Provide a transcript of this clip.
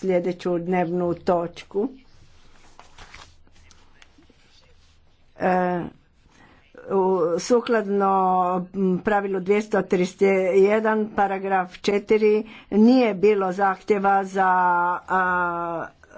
sljedeću dnevnu točku. E, u, sukladno pravilu 231 paragraf 4 nije bilo zahtjeva za